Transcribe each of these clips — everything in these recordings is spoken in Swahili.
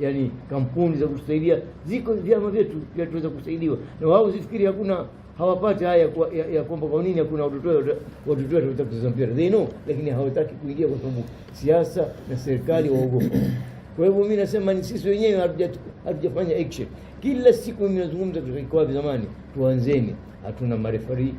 yani kampuni za kusaidia ziko, vyama vyetu pia tuweza kusaidiwa na wao. zifikiri hakuna hawapati haya kwa, ya, kwamba kwa nini hakuna watoto watoto wataka kucheza mpira they know, lakini hawataki kuingia kwa sababu siasa na serikali waogopa. Kwa hivyo mimi nasema ni sisi wenyewe hatujafanya action. Kila siku mimi nazungumza katika zamani, tuanzeni. Hatuna marefari,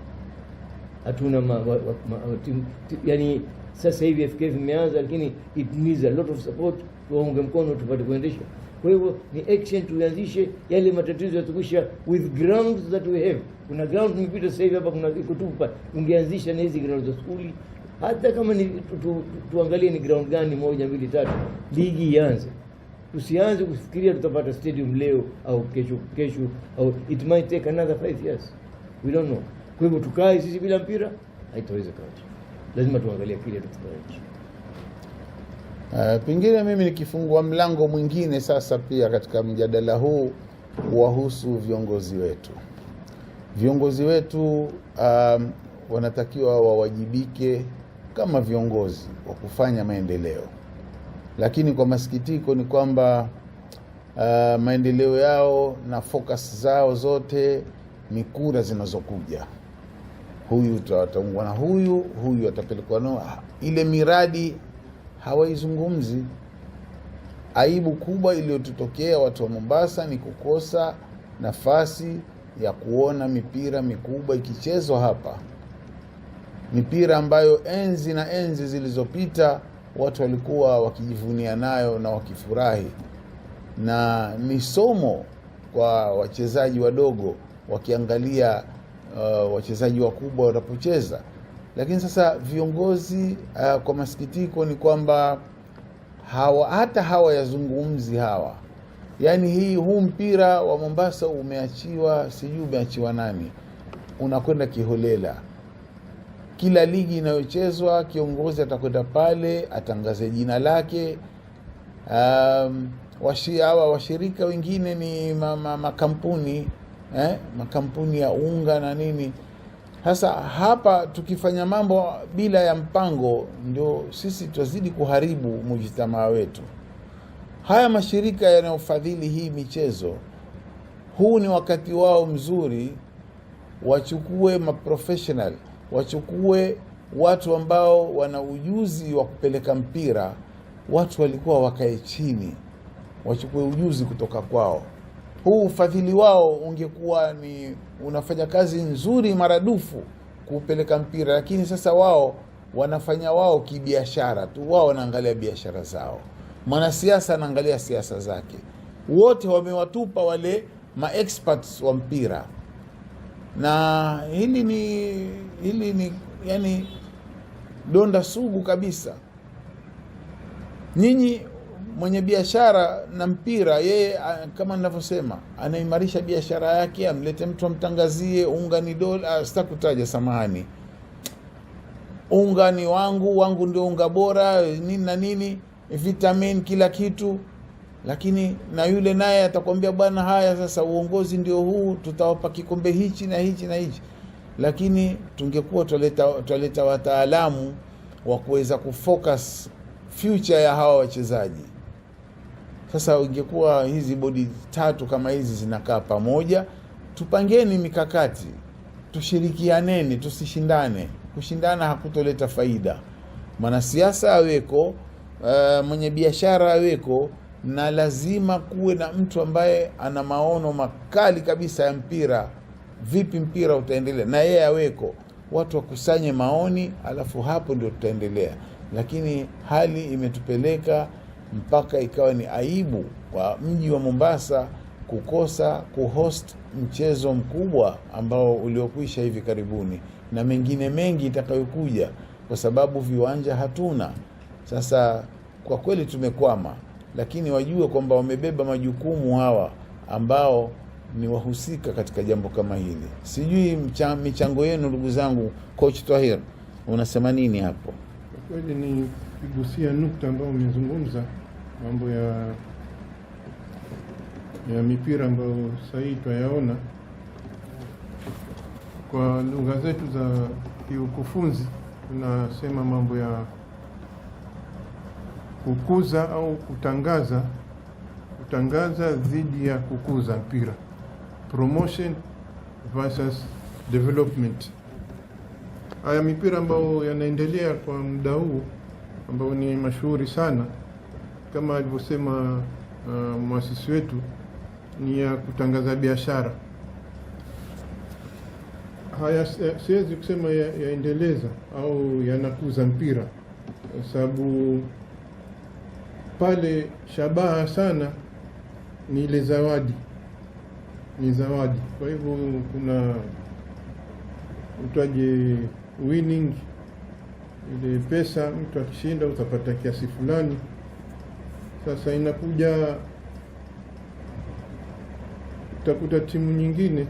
hatuna ma, wa, ma, tim, tim, yani sasa hivi FKF imeanza, lakini it needs a lot of support waunge mkono tupate kuendesha. Kwa hivyo ni action tuanzishe yale matatizo yatukwisha, with grounds that we have. Kuna ground nimepita sasa hivi hapa, kuna kutupa, ungeanzisha na hizi ground za skuli, hata kama ni tu, tu, tuangalie ni ground gani, moja mbili tatu, ligi ianze. Tusianze kufikiria tutapata stadium leo au kesho kesho, au it might take another five years, we don't know. Kwa hivyo tukae sisi bila mpira haitawezekana, lazima tuangalie kile tukifanya. Uh, pengine mimi nikifungua mlango mwingine sasa pia katika mjadala huu wahusu viongozi wetu. Viongozi wetu um, wanatakiwa wawajibike kama viongozi wa kufanya maendeleo, lakini kwa masikitiko ni kwamba uh, maendeleo yao na focus zao zote ni kura zinazokuja huyu ataungwa na huyu, huyu atapelekwa na ah, ile miradi hawaizungumzi. Aibu kubwa iliyotutokea watu wa Mombasa ni kukosa nafasi ya kuona mipira mikubwa ikichezwa hapa, mipira ambayo enzi na enzi zilizopita watu walikuwa wakijivunia nayo na wakifurahi, na ni somo kwa wachezaji wadogo wakiangalia uh, wachezaji wakubwa wanapocheza. Lakini sasa viongozi uh, kwa masikitiko ni kwamba hawa hata hawayazungumzi hawa, yaani hii huu mpira wa Mombasa umeachiwa, sijui umeachiwa nani, unakwenda kiholela. Kila ligi inayochezwa kiongozi atakwenda pale atangaze jina lake. Um, washi, awa washirika wengine ni makampuni ma, ma eh, makampuni ya unga na nini sasa hapa tukifanya mambo bila ya mpango, ndio sisi twazidi kuharibu mujitamaa wetu. Haya mashirika yanayofadhili hii michezo, huu ni wakati wao mzuri, wachukue maprofessional, wachukue watu ambao wana ujuzi wa kupeleka mpira. Watu walikuwa wakae chini, wachukue ujuzi kutoka kwao huu ufadhili wao ungekuwa ni unafanya kazi nzuri maradufu kuupeleka mpira, lakini sasa wao wanafanya wao kibiashara tu, wao wanaangalia biashara zao, mwanasiasa anaangalia siasa zake. Wote wamewatupa wale maexperts wa mpira, na hili ni hili ni yani donda sugu kabisa. Nyinyi mwenye biashara na mpira yeye, kama ninavyosema, anaimarisha biashara yake, amlete mtu amtangazie unga ni dola, sitakutaja, samahani, unga ni wangu, wangu ndio unga bora, nini na nini, vitamin, kila kitu. Lakini na yule naye atakwambia, bwana, haya sasa, uongozi ndio huu, tutawapa kikombe hichi na hichi na hichi. Lakini tungekuwa twaleta wataalamu wa kuweza kufocus future ya hawa wachezaji. Sasa ingekuwa hizi bodi tatu kama hizi zinakaa pamoja, tupangeni mikakati, tushirikianeni, tusishindane. Kushindana hakutoleta faida. Mwanasiasa aweko, uh, mwenye biashara aweko, na lazima kuwe na mtu ambaye ana maono makali kabisa ya mpira. Vipi mpira utaendelea? Na yeye aweko, watu wakusanye maoni, alafu hapo ndio tutaendelea. Lakini hali imetupeleka mpaka ikawa ni aibu kwa mji wa Mombasa kukosa kuhost mchezo mkubwa ambao uliokwisha hivi karibuni na mengine mengi itakayokuja, kwa sababu viwanja hatuna. Sasa kwa kweli tumekwama, lakini wajue kwamba wamebeba majukumu hawa ambao ni wahusika katika jambo kama hili. Sijui mcha, michango yenu ndugu zangu. Coach Tahir, unasema nini hapo? Kweli ni kugusia nukta ambayo umezungumza mambo ya ya mipira ambayo sahii twayaona kwa lugha zetu za kiukufunzi tunasema mambo ya kukuza au kutangaza, kutangaza dhidi ya kukuza mpira, promotion versus development. Haya mipira ambayo yanaendelea kwa muda huu ambao ni mashuhuri sana kama alivyosema uh, mwasisi wetu ni ya kutangaza biashara. Haya siwezi kusema yaendeleza ya au yanakuza mpira, sababu pale shabaha sana ni ile zawadi, ni zawadi. Kwa hivyo kuna utaje winning ile pesa mtu akishinda utapata kiasi fulani. Sasa inakuja utakuta timu nyingine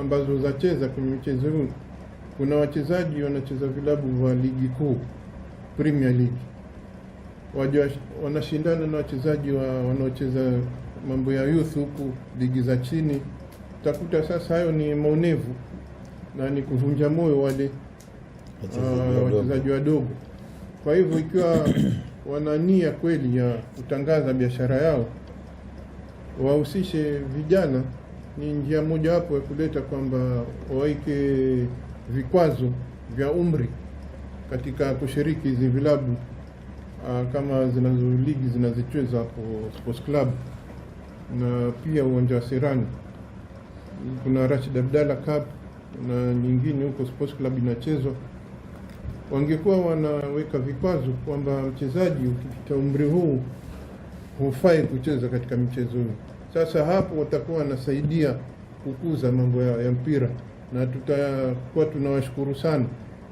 ambazo zacheza kwenye mchezo huu, kuna wachezaji wanacheza vilabu vya wa ligi kuu Premier League, wajua wanashindana na wachezaji wa wanaocheza mambo ya youth huku ligi za chini. Utakuta sasa hayo ni maonevu na ni kuvunja moyo wale Ah, wachezaji wadogo. Kwa hivyo ikiwa wanania kweli ya kutangaza biashara yao, wahusishe vijana. Ni njia mojawapo ya kuleta kwamba waweke vikwazo vya umri katika kushiriki hizi vilabu ah, kama zinazo ligi zinazocheza hapo sports club na pia uwanja wa Serani kuna Rashid Abdalla Cup na nyingine huko sports club inachezwa wangekuwa wanaweka vikwazo kwamba mchezaji ukipita umri huu hufai kucheza katika michezo hii. Sasa hapo watakuwa wanasaidia kukuza mambo ya, ya mpira na tutakuwa tunawashukuru sana,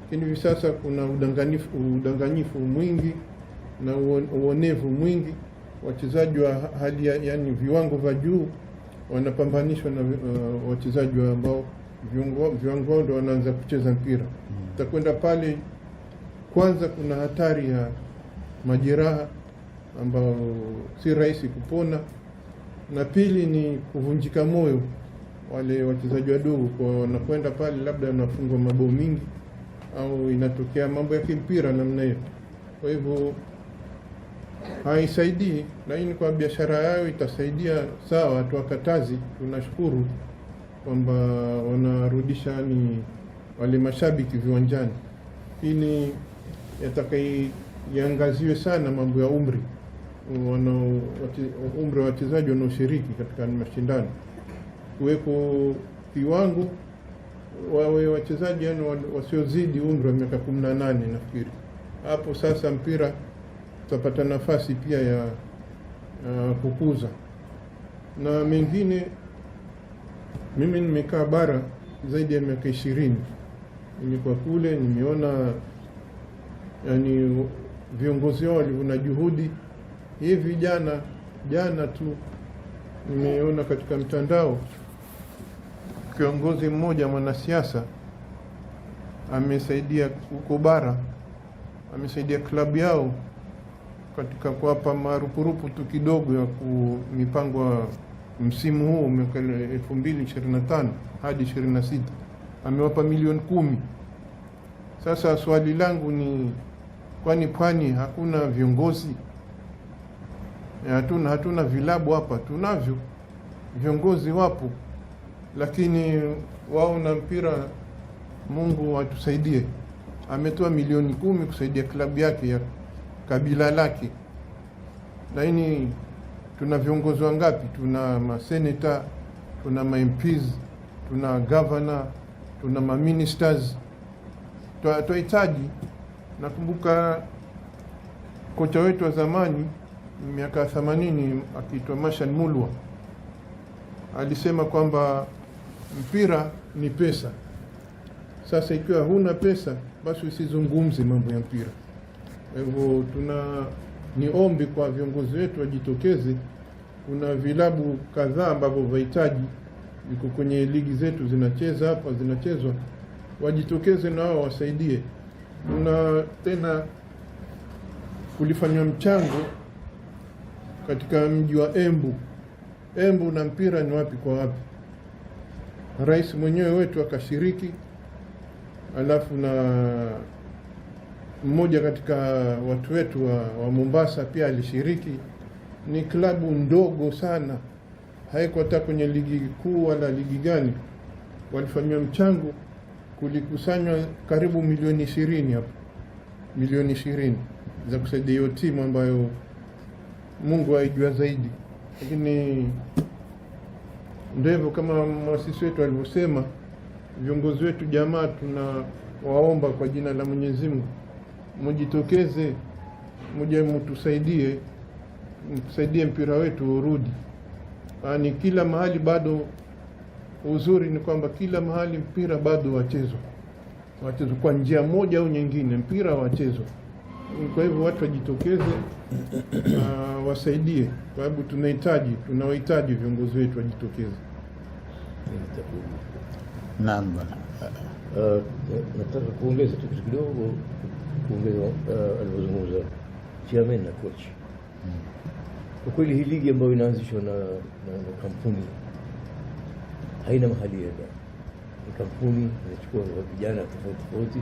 lakini hivi sasa kuna udanganyifu, udanganyifu mwingi na uonevu mwingi. Wachezaji wa hali ya, yani viwango vya juu wanapambanishwa na uh, wachezaji ambao viwango wao ndo wanaanza kucheza mpira. Mm. Tutakwenda pale kwanza kuna hatari ya majeraha ambayo si rahisi kupona, na pili ni kuvunjika moyo wale wachezaji wadogo kwa wanakwenda pale labda wanafungwa mabao mingi au inatokea mambo ya kimpira namna hiyo. Kwa hivyo haisaidii, lakini kwa biashara yao itasaidia. Sawa, tuwakatazi, tunashukuru kwamba wanarudisha ni yaani wale mashabiki viwanjani ni yatakaiangazia sana mambo ya umri wana umri wa wachezaji wanaoshiriki katika mashindano, kuweko viwango wawe wachezaji yani wasiozidi umri wa miaka kumi na nane. Nafikiri hapo sasa mpira tutapata nafasi pia ya uh, kukuza na mengine. Mimi nimekaa bara zaidi ya miaka ishirini, nimekuwa kule nimeona yani viongozi wao na juhudi. Hivi jana jana tu nimeona katika mtandao kiongozi mmoja mwanasiasa amesaidia huko bara, amesaidia klabu yao katika kuwapa marupurupu tu kidogo ya mipango msimu huu mwaka 2025 hadi 26 amewapa milioni kumi. Sasa swali langu ni Kwani pwani hakuna viongozi? Eh, hatuna, hatuna vilabu hapa? Tunavyo, viongozi wapo, lakini wao na mpira. Mungu atusaidie, ametoa milioni kumi kusaidia klabu yake ya kabila lake, lakini tuna viongozi wangapi? Tuna maseneta, tuna mamps, tuna gavana, tuna maministers. Twahitaji Nakumbuka kocha wetu wa zamani miaka ya 80 akiitwa Mashan Mulwa alisema kwamba mpira ni pesa. Sasa ikiwa huna pesa, basi usizungumze mambo ya mpira. Kwa hivyo tuna ni ombi kwa viongozi wetu wajitokeze. Kuna vilabu kadhaa ambavyo vahitaji viko kwenye ligi zetu zinacheza hapa, zinachezwa, wajitokeze na wao wasaidie na tena kulifanywa mchango katika mji wa Embu. Embu na mpira ni wapi kwa wapi, rais mwenyewe wetu akashiriki, alafu na mmoja katika watu wetu wa, wa Mombasa pia alishiriki. Ni klabu ndogo sana, haiko hata kwenye ligi kuu wala ligi gani, walifanywa mchango kulikusanywa karibu milioni ishirini hapo milioni ishirini za kusaidia hiyo timu ambayo Mungu aijua zaidi, lakini ndio hivyo, kama mwasisi wetu alivyosema, viongozi wetu jamaa, tunawaomba kwa jina la Mwenyezi Mungu mujitokeze, muja mtusaidie, mtusaidie mpira wetu urudi, yani kila mahali bado Uzuri ni kwamba kila mahali mpira bado wachezwa, wachezwa kwa njia moja au nyingine, mpira wachezwa. Kwa hivyo watu wajitokeze, uh, wasaidie, kwa sababu tunahitaji, tunawahitaji viongozi wetu wajitokeze. Naam bwana, uh, nataka kuongeza tu kitu kidogo, kuongeza uh, alivyozungumza chairman na coach. Mm. Kwa kweli hii ligi ambayo inaanzishwa na, na, na kampuni haina mahali ya ni kampuni inachukua vijana tofauti tofauti,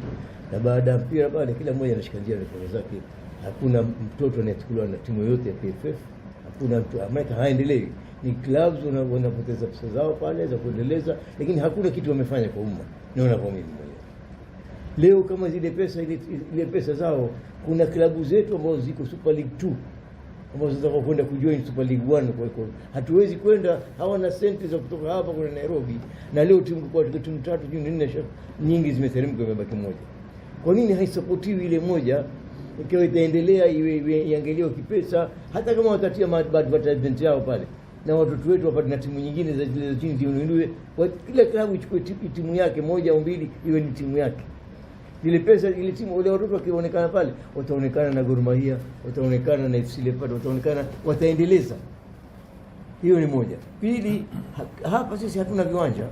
na baada ya mpira pale kila mmoja anashika njia rekodi zake. Hakuna mtoto anayechukuliwa na timu yote ya PFF, hakuna mtu Amerika, haendelei. Ni clubs wanapoteza pesa zao pale za kuendeleza, lakini hakuna kitu wamefanya kwa umma, naona kwa mimi mwenyewe. Leo kama zile pesa ile pesa zao, kuna klabu zetu ambazo ziko Super League 2 ambazo zitaka kwenda kujoin Super League 1 kwa hiyo hatuwezi kwenda, hawana senti za kutoka hapa kwenda Nairobi, na leo timu kwa timu tatu juu nne nyingi zimeteremka, imebaki moja. Kwa nini haisapotiwi ile moja ikiwa itaendelea iwe iangaliwe kipesa, hata kama watatia advertisement yao pale na watoto wetu wapate na timu nyingine za chini kwa kila klabu ichukue timu yake moja au mbili, iwe ni timu yake ile pesa ile timu ile watoto wakionekana pale, wataonekana na Gor Mahia, wataonekana na FC Leopard, wataonekana wataendeleza. Hiyo ni moja. Pili, hapa sisi hatuna viwanja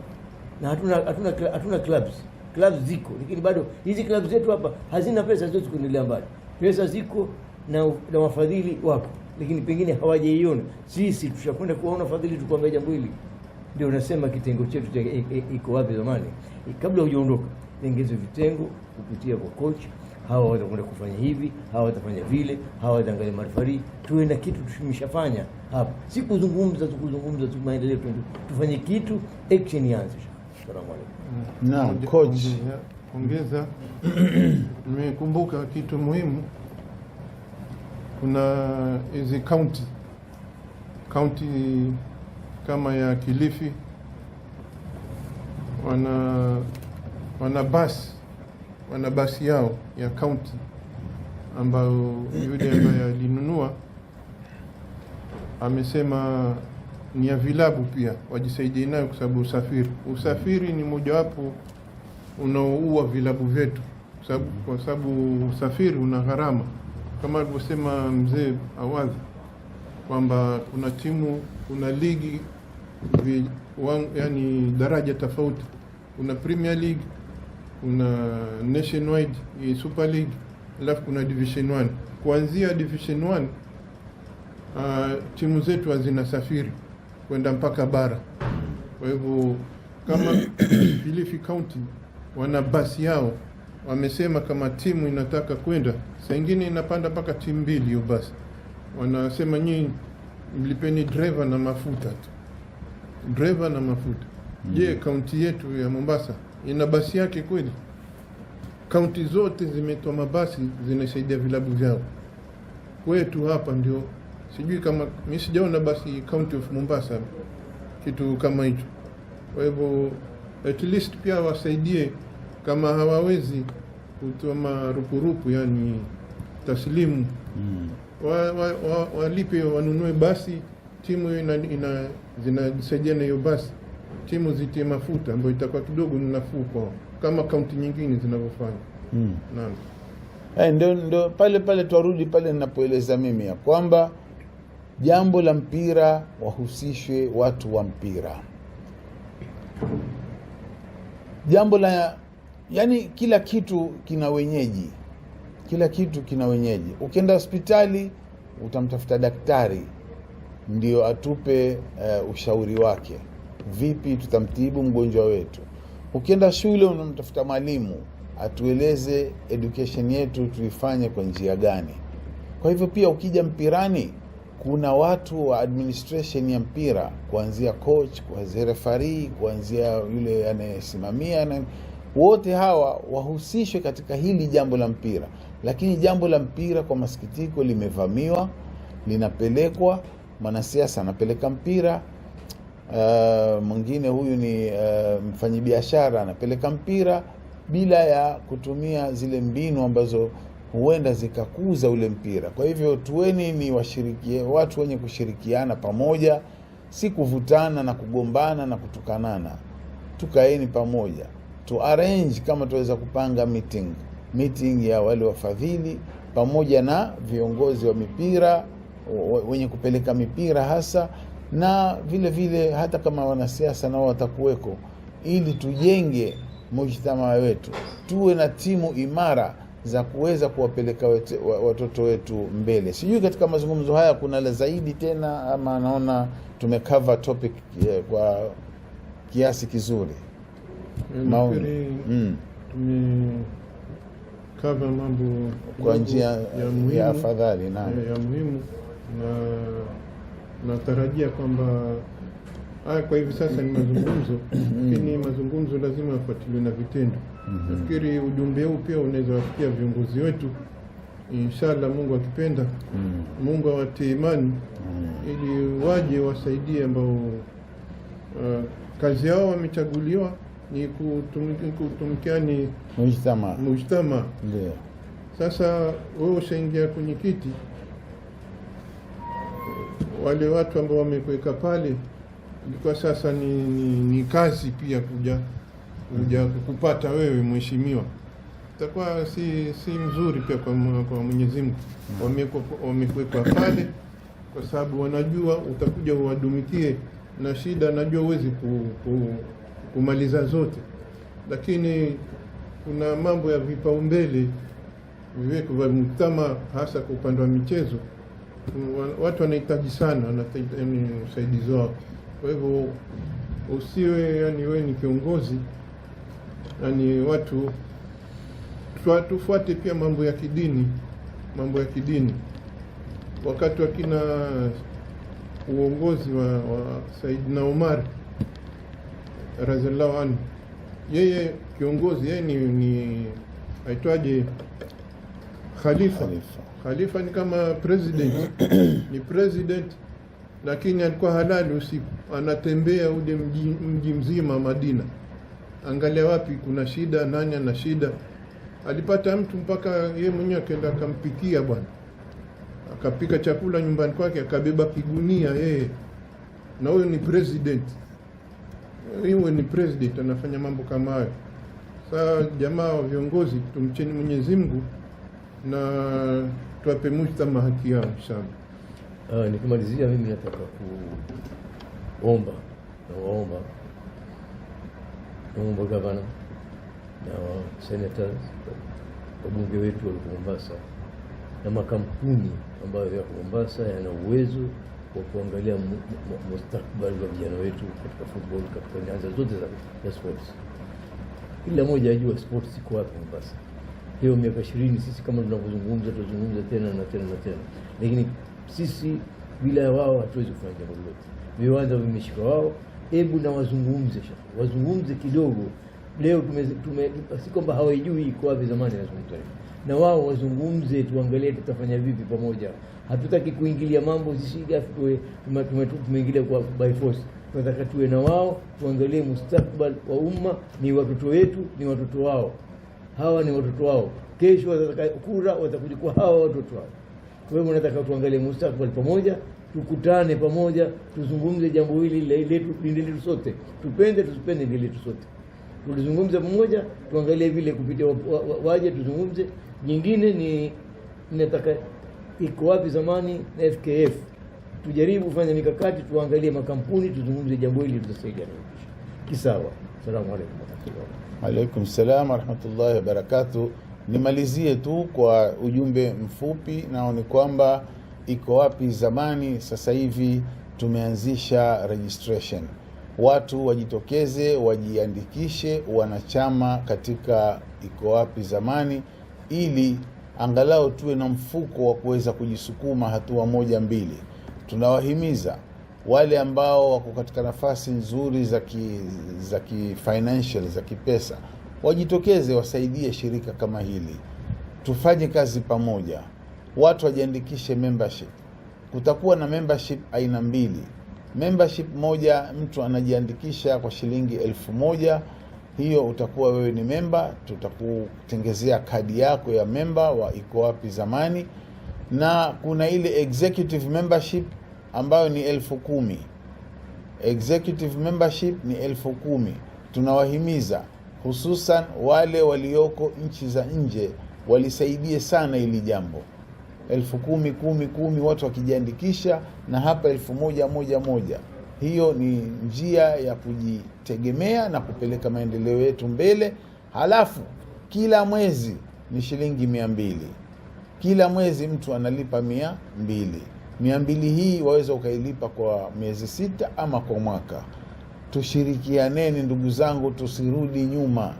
na hatuna hatuna hatuna clubs. Clubs ziko lakini bado hizi clubs zetu hapa hazina pesa zote kuendelea mbali. Pesa ziko na, na wafadhili wapo, lakini pengine hawajaiona. Sisi tushakwenda kuwaona fadhili, tukuambia jambo hili. Ndio nasema kitengo chetu e, e, iko wapi zamani, kabla hujaondoka tengeze vitengo kupitia kwa coach hawa watakwenda kufanya hivi, hawa watafanya vile, hawa wataangalia marifari. Tuwe na kitu tumeshafanya hapa, si kuzungumza tu, kuzungumza tu maendeleo, tufanye kitu, action ianze. Salamu alaykum. Na coach, ongeza nimekumbuka kitu muhimu, kuna hizi county kaunti kama ya Kilifi wana wana basi wana basi yao ya kaunti ambayo yule ambaye alinunua amesema ni ya vilabu pia wajisaidie nayo kwa sababu usafiri usafiri ni mojawapo unaoua vilabu vyetu kwa sababu usafiri una gharama kama alivyosema mzee Awadhi kwamba kuna timu kuna ligi vi, wang, yani daraja tofauti kuna Premier League kuna nationwide ya Super League, alafu kuna division 1. Kuanzia division 1 uh, timu zetu hazinasafiri kwenda mpaka bara. Kwa hivyo kama Kilifi County wana basi yao, wamesema kama timu inataka kwenda, saingine inapanda mpaka timu mbili hiyo basi. Wanasema nyinyi mlipeni driver na mafuta tu, driver na mafuta. Je, mm -hmm. kaunti yetu ya Mombasa ina basi yake kweli? Kaunti zote zimetoa mabasi zinasaidia vilabu vyao. Kwetu hapa ndio sijui kama mimi sijaona basi county of Mombasa kitu kama hicho. Kwa hivyo at least pia wasaidie, kama hawawezi kutoa marupurupu, yani taslimu mm. Walipe wa, wa, walipe wanunue basi, timu ina, ina zinasaidia na hiyo basi timu zitie mafuta ambayo itakuwa kidogo ni nafuu kwao kama kaunti nyingine zinavyofanya. Mm. Naam. Hey, eh, ndio ndio pale pale twarudi pale ninapoeleza mimi ya kwamba jambo la mpira wahusishwe watu wa mpira. Jambo la yani, kila kitu kina wenyeji, kila kitu kina wenyeji. Ukienda hospitali utamtafuta daktari ndio atupe uh, ushauri wake vipi tutamtibu mgonjwa wetu. Ukienda shule unamtafuta mwalimu atueleze education yetu tuifanye kwa njia gani. Kwa hivyo pia ukija mpirani, kuna watu wa administration ya mpira, kuanzia coach, kuanzia refarii kuanzia yule anayesimamia wote hawa wahusishwe katika hili jambo la mpira. Lakini jambo la mpira kwa masikitiko limevamiwa, linapelekwa, mwanasiasa anapeleka mpira Uh, mwingine huyu ni uh, mfanyibiashara anapeleka mpira bila ya kutumia zile mbinu ambazo huenda zikakuza ule mpira. Kwa hivyo tuweni ni washirikie, watu wenye kushirikiana pamoja, si kuvutana na kugombana na kutukanana. Tukaeni pamoja tu arrange kama tuweza kupanga meeting meeting ya wale wafadhili pamoja na viongozi wa mipira wenye kupeleka mipira hasa na vile vile hata kama wanasiasa nao watakuweko, ili tujenge mujtamaa wetu, tuwe na timu imara za kuweza kuwapeleka watoto wetu mbele. Sijui katika mazungumzo haya kuna la zaidi tena, ama naona tumecover topic eh, kwa kiasi kizuri. Maoni mm. mambo kwa njia ya afadhali na ya muhimu na natarajia kwamba haya kwa hivi sasa ni mazungumzo, mm-hmm. lakini mazungumzo lazima yafuatiliwe na vitendo. Mm-hmm. Nafikiri ujumbe huu pia unaweza wafikia viongozi wetu, inshallah, Mungu akipenda, mm-hmm. Mungu awatie imani ili waje wasaidie ambao uh, kazi yao wamechaguliwa ni kutumikiani mujtama. Sasa wewe ushaingia kwenye kiti wale watu ambao wamekuweka pale ilikuwa sasa ni, ni, ni kazi pia kuja kuja kupata wewe mheshimiwa, itakuwa si si mzuri pia kwa, kwa Mwenyezi Mungu. Wamekuwekwa pale kwa sababu wanajua utakuja uwadumikie na shida, najua uwezi ku, ku, kumaliza zote, lakini kuna mambo ya vipaumbele viweko vya mtama, hasa kwa upande wa michezo watu wanahitaji sana yani usaidizi wao Kwa hivyo usiwe yani, wewe ni kiongozi yani, watu tufuate pia mambo ya kidini, mambo ya kidini. Wakati wakina uongozi wa, wa Saidina Umar radhiallahu anhu, yeye kiongozi yeye ni, ni aitwaje khalifa. Khalifa ni kama president ni president, lakini alikuwa halali usiku, anatembea ule mji, mji mzima Madina, angalia wapi kuna shida, nani ana shida. Alipata mtu mpaka ye mwenyewe akenda akampikia bwana, akapika chakula nyumbani kwake, akabeba kigunia yeye, na huyo ni president iwe ni president anafanya mambo kama hayo. Sasa jamaa wa viongozi, tumcheni Mwenyezi Mungu na tuape Mujtama haki yao sana. Ah, nikimalizia mimi nataka kuomba na waomba naomba gavana na senata wabunge wetu wa Mombasa na makampuni ambayo yako Mombasa yana uwezo wa kuangalia mustakbali wa vijana wetu katika football, katika nyanja zote za sports. Kila moja ajua sports iko wapi Mombasa leo miaka sisi kama tunavyozungumza tunazungumza tena na tena na tena, lakini sisi bila wao hatuwezi kufanya jambo lolote. Viwanja vimeshika wao, hebu na wazungumze wazungumze kidogo. Leo tume, tume si kwamba hawajui iko wapi, zamani nazungumza na wao wazungumze, tuangalie tutafanya vipi pamoja. Hatutaki kuingilia mambo tumeingilia kwa by force. Tunataka tuwe na wao, tuangalie mustakbal wa umma, ni watoto wetu, ni watoto wao hawa ni watoto wao, kesho watataka kura, watakuchukua hawa watoto wao. hiyo unataka tuangalie mustakbali pamoja, tukutane pamoja, tuzungumze jambo hili letu, dini letu sote, tupende tusipende dini letu sote, tulizungumze pamoja, tuangalie vile kupitia waje tuzungumze. Jingine ni nataka iko wapi zamani na FKF, tujaribu kufanya mikakati, tuangalie makampuni, tuzungumze jambo hili, tutasaidia kisawa. Salamu alaykum warahmatullahi alaykum salam warahmatullahi wabarakatuh. Nimalizie tu kwa ujumbe mfupi, nao ni kwamba iko wapi zamani. Sasa hivi tumeanzisha registration, watu wajitokeze wajiandikishe wanachama katika iko wapi zamani, ili angalau tuwe na mfuko wa kuweza kujisukuma hatua moja mbili. Tunawahimiza wale ambao wako katika nafasi nzuri za ki, za kifinancial za kipesa wajitokeze, wasaidie shirika kama hili, tufanye kazi pamoja, watu wajiandikishe membership. Kutakuwa na membership aina mbili. Membership moja mtu anajiandikisha kwa shilingi elfu moja hiyo utakuwa wewe ni memba, tutakutengezea kadi yako ya memba wa Iko Wapi Zamani, na kuna ile executive membership ambayo ni elfu kumi. Executive membership ni elfu kumi. Tunawahimiza hususan wale walioko nchi za nje walisaidie sana ili jambo elfu kumi kumi kumi, watu wakijiandikisha na hapa elfu moja moja moja. Hiyo ni njia ya kujitegemea na kupeleka maendeleo yetu mbele. Halafu kila mwezi ni shilingi mia mbili, kila mwezi mtu analipa mia mbili mia mbili hii waweza ukailipa kwa miezi sita ama kwa mwaka. Tushirikianeni ndugu zangu, tusirudi nyuma.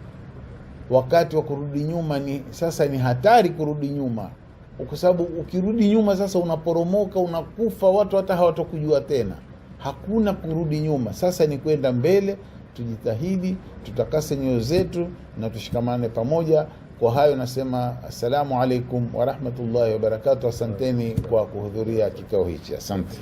Wakati wa kurudi nyuma ni sasa, ni hatari kurudi nyuma, kwa sababu ukirudi nyuma sasa unaporomoka, unakufa, watu hata hawatakujua tena. Hakuna kurudi nyuma, sasa ni kwenda mbele. Tujitahidi, tutakase nyoyo zetu na tushikamane pamoja. Kwa hayo nasema assalamu alaikum warahmatullahi wabarakatu. Asanteni kwa kuhudhuria kikao hichi, asante.